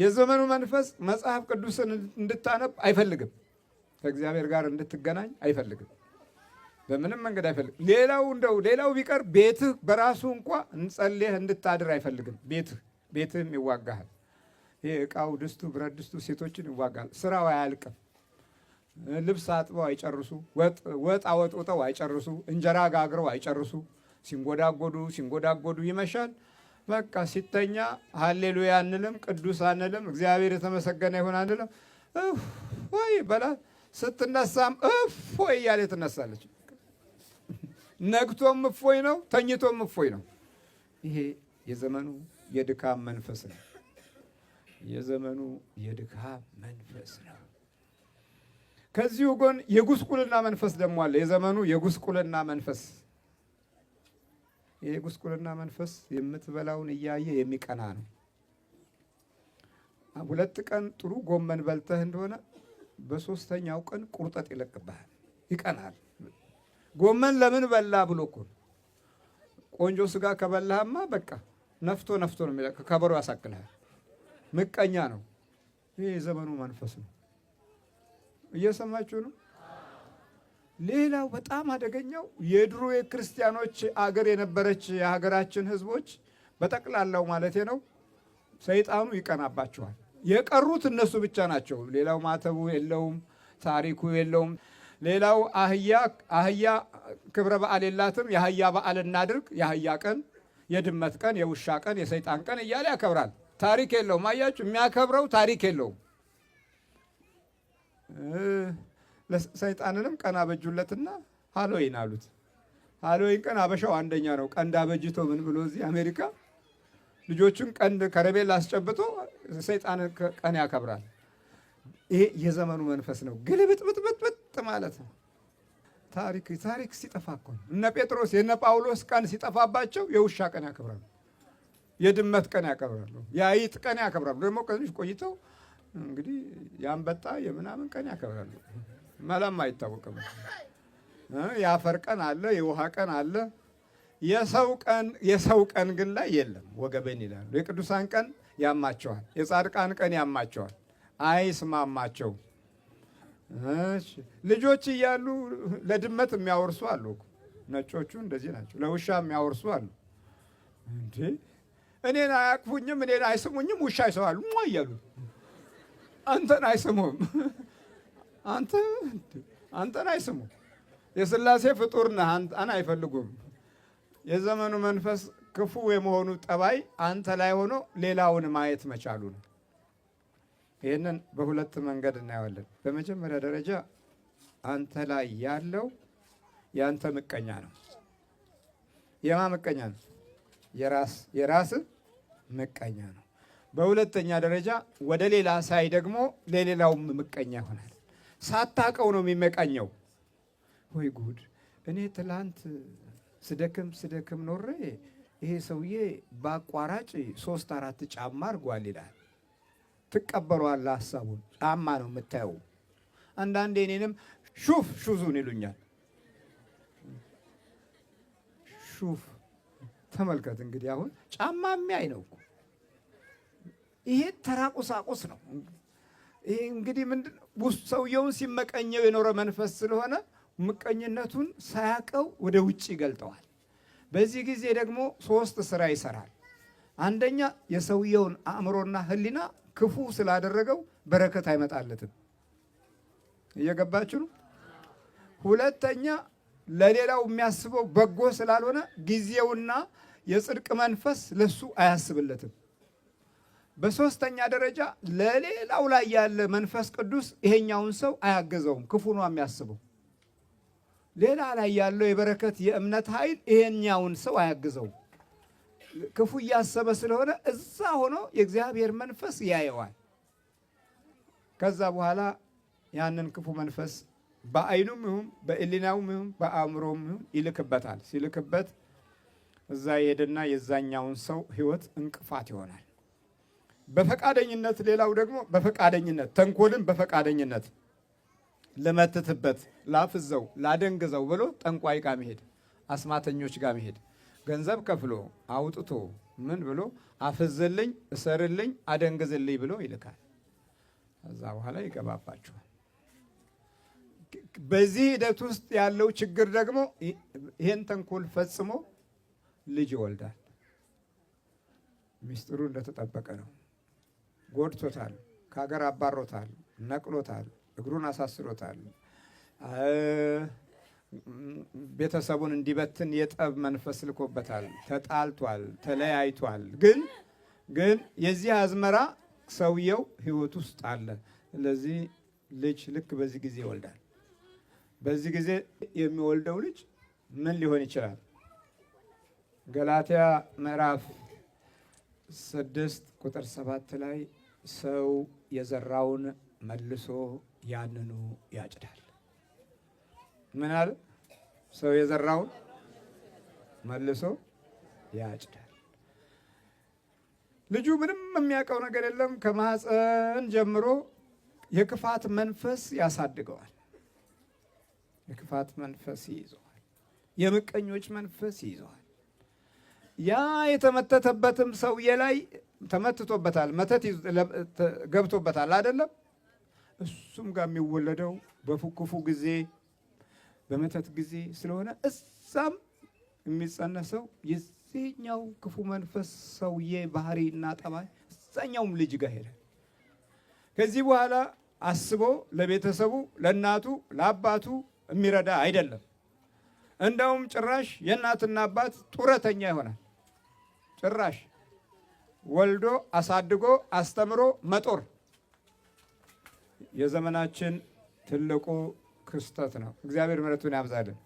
የዘመኑ መንፈስ መጽሐፍ ቅዱስን እንድታነብ አይፈልግም። ከእግዚአብሔር ጋር እንድትገናኝ አይፈልግም። በምንም መንገድ አይፈልግም። ሌላው እንደው ሌላው ቢቀር ቤትህ በራሱ እንኳ እንጸልየህ እንድታድር አይፈልግም። ቤትህ ቤትህም ይዋጋሃል። ይህ እቃው ድስቱ፣ ብረት ድስቱ ሴቶችን ይዋጋል። ስራው አያልቅም። ልብስ አጥበው አይጨርሱ፣ ወጥ አወጥውጠው አይጨርሱ፣ እንጀራ ጋግረው አይጨርሱ። ሲንጎዳጎዱ ሲንጎዳጎዱ ይመሻል። በቃ ሲተኛ ሀሌሉያ አንልም፣ ቅዱስ አንልም፣ እግዚአብሔር የተመሰገነ ይሁን አንልም። ወይ በላ ስትነሳም እፎይ እያለ ትነሳለች። ነግቶም እፎይ ነው፣ ተኝቶም እፎይ ነው። ይሄ የዘመኑ የድካም መንፈስ ነው። የዘመኑ የድካም መንፈስ ነው። ከዚሁ ጎን የጉስቁልና መንፈስ ደግሞ አለ። የዘመኑ የጉስቁልና መንፈስ የጉስቁልና መንፈስ የምትበላውን እያየ የሚቀና ነው። ሁለት ቀን ጥሩ ጎመን በልተህ እንደሆነ በሶስተኛው ቀን ቁርጠት ይለቅብሃል፣ ይቀናል። ጎመን ለምን በላ ብሎ እኮ ቆንጆ ስጋ ከበላህማ በቃ ነፍቶ ነፍቶ ነው የሚለቅ፣ ከበሮ ያሳክልሃል። ምቀኛ ነው። ይህ የዘመኑ መንፈስ ነው። እየሰማችሁ ነው። ሌላው በጣም አደገኛው የድሮ የክርስቲያኖች አገር የነበረች የሀገራችን ህዝቦች በጠቅላላው ማለቴ ነው፣ ሰይጣኑ ይቀናባቸዋል። የቀሩት እነሱ ብቻ ናቸው። ሌላው ማተቡ የለውም፣ ታሪኩ የለውም። ሌላው አህያ አህያ ክብረ በዓል የላትም። የአህያ በዓል እናድርግ፣ የአህያ ቀን፣ የድመት ቀን፣ የውሻ ቀን፣ የሰይጣን ቀን እያለ ያከብራል። ታሪክ የለውም። አያችሁ፣ የሚያከብረው ታሪክ የለውም። ሰይጣንንም ቀን አበጁለትና ሃሎዊን አሉት። ሃሎዊን ቀን አበሻው አንደኛ ነው። ቀንድ አበጅቶ ምን ብሎ እዚህ አሜሪካ ልጆቹን ቀንድ ከረቤል አስጨብጦ ሰይጣን ቀን ያከብራል። ይሄ የዘመኑ መንፈስ ነው። ግልብጥብጥብጥብጥ ማለት ነው። ታሪክ ታሪክ ሲጠፋ እኮ ነው። እነ ጴጥሮስ የነ ጳውሎስ ቀን ሲጠፋባቸው የውሻ ቀን ያከብራሉ፣ የድመት ቀን ያከብራሉ፣ የአይጥ ቀን ያከብራሉ። ደግሞ ከዚህ ቆይተው እንግዲህ የአንበጣ የምናምን ቀን ያከብራሉ። መላም አይታወቅም። የአፈር ቀን አለ፣ የውሃ ቀን አለ። የሰው ቀን የሰው ቀን ግን ላይ የለም ወገበን ይላሉ። የቅዱሳን ቀን ያማቸዋል፣ የጻድቃን ቀን ያማቸዋል፣ አይስማማቸው። ልጆች እያሉ ለድመት የሚያወርሱ አሉ። ነጮቹ እንደዚህ ናቸው። ለውሻ የሚያወርሱ አሉ። እንዴ እኔን አያቅፉኝም፣ እኔን አይስሙኝም። ውሻ ይሰዋሉ እያሉ አንተን አይስሙም። አንተ አንተን አይስሙ። የስላሴ ፍጡር ነህ፣ አንተን አይፈልጉም። የዘመኑ መንፈስ ክፉ የመሆኑ ጠባይ አንተ ላይ ሆኖ ሌላውን ማየት መቻሉ ነው። ይህንን በሁለት መንገድ እናየዋለን። በመጀመሪያ ደረጃ አንተ ላይ ያለው የአንተ ምቀኛ ነው። የማ ምቀኛ ነው? የራስ የራስ ምቀኛ ነው። በሁለተኛ ደረጃ ወደ ሌላ ሳይ ደግሞ ለሌላውም ምቀኛ ይሆናል። ሳታቀው ነው የሚመቀኘው። ወይ ጉድ! እኔ ትላንት ስደክም ስደክም ኖሬ ይሄ ሰውዬ በአቋራጭ ሶስት አራት ጫማ አድርጓል ይላል። ትቀበሏል ሀሳቡን። ጫማ ነው የምታየው። አንዳንዴ እኔንም ሹፍ ሹዙን ይሉኛል። ሹፍ ተመልከት። እንግዲህ አሁን ጫማ የሚያይ ነው ይሄ ተራ ቁሳቁስ ነው። ይሄ እንግዲህ ምንድን ውስጥ ሰውየውን ሲመቀኘው የኖረ መንፈስ ስለሆነ ምቀኝነቱን ሳያቀው ወደ ውጭ ይገልጠዋል። በዚህ ጊዜ ደግሞ ሶስት ስራ ይሰራል። አንደኛ የሰውየውን አእምሮና ህሊና ክፉ ስላደረገው በረከት አይመጣለትም። እየገባችሁ ነው። ሁለተኛ ለሌላው የሚያስበው በጎ ስላልሆነ ጊዜውና የጽድቅ መንፈስ ለሱ አያስብለትም። በሶስተኛ ደረጃ ለሌላው ላይ ያለ መንፈስ ቅዱስ ይሄኛውን ሰው አያገዘውም፣ ክፉ ነው የሚያስበው። ሌላ ላይ ያለው የበረከት የእምነት ኃይል ይሄኛውን ሰው አያግዘውም፣ ክፉ እያሰበ ስለሆነ እዛ ሆኖ የእግዚአብሔር መንፈስ ያየዋል። ከዛ በኋላ ያንን ክፉ መንፈስ በአይኑም ይሁን በእሊናውም ይሁን በአእምሮም ይሁን ይልክበታል። ሲልክበት እዛ ይሄድና የዛኛውን ሰው ህይወት እንቅፋት ይሆናል። በፈቃደኝነት ሌላው ደግሞ በፈቃደኝነት ተንኮልን በፈቃደኝነት ልመትትበት፣ ላፍዘው፣ ላደንግዘው ብሎ ጠንቋይ ጋር መሄድ፣ አስማተኞች ጋር መሄድ፣ ገንዘብ ከፍሎ አውጥቶ ምን ብሎ አፍዝልኝ፣ እሰርልኝ፣ አደንግዝልኝ ብሎ ይልካል። ከዛ በኋላ ይገባባቸዋል። በዚህ ሂደት ውስጥ ያለው ችግር ደግሞ ይህን ተንኮል ፈጽሞ ልጅ ይወልዳል። ሚስጥሩ እንደተጠበቀ ነው። ጎድቶታል፣ ከሀገር አባሮታል፣ ነቅሎታል፣ እግሩን አሳስሮታል። ቤተሰቡን እንዲበትን የጠብ መንፈስ ልኮበታል። ተጣልቷል፣ ተለያይቷል። ግን ግን የዚህ አዝመራ ሰውየው ህይወት ውስጥ አለ። ስለዚህ ልጅ ልክ በዚህ ጊዜ ይወልዳል። በዚህ ጊዜ የሚወልደው ልጅ ምን ሊሆን ይችላል? ገላትያ ምዕራፍ ስድስት ቁጥር ሰባት ላይ ሰው የዘራውን መልሶ ያንኑ ያጭዳል። ምን አለ? ሰው የዘራውን መልሶ ያጭዳል። ልጁ ምንም የሚያውቀው ነገር የለም። ከማህፀን ጀምሮ የክፋት መንፈስ ያሳድገዋል። የክፋት መንፈስ ይይዘዋል። የምቀኞች መንፈስ ይይዘዋል። ያ የተመተተበትም ሰውዬ ላይ ተመትቶበታል፣ መተት ገብቶበታል አይደለም። እሱም ጋር የሚወለደው በክፉ ጊዜ በመተት ጊዜ ስለሆነ እዛም የሚጸነሰው የዚህኛው ክፉ መንፈስ ሰውዬ ባህሪ እና ጠባይ እዛኛውም ልጅ ጋር ሄደ። ከዚህ በኋላ አስቦ ለቤተሰቡ ለእናቱ ለአባቱ የሚረዳ አይደለም። እንደውም ጭራሽ የእናትና አባት ጡረተኛ ይሆናል ጭራሽ ወልዶ አሳድጎ አስተምሮ መጦር የዘመናችን ትልቁ ክስተት ነው። እግዚአብሔር ምሕረቱን ያብዛልን።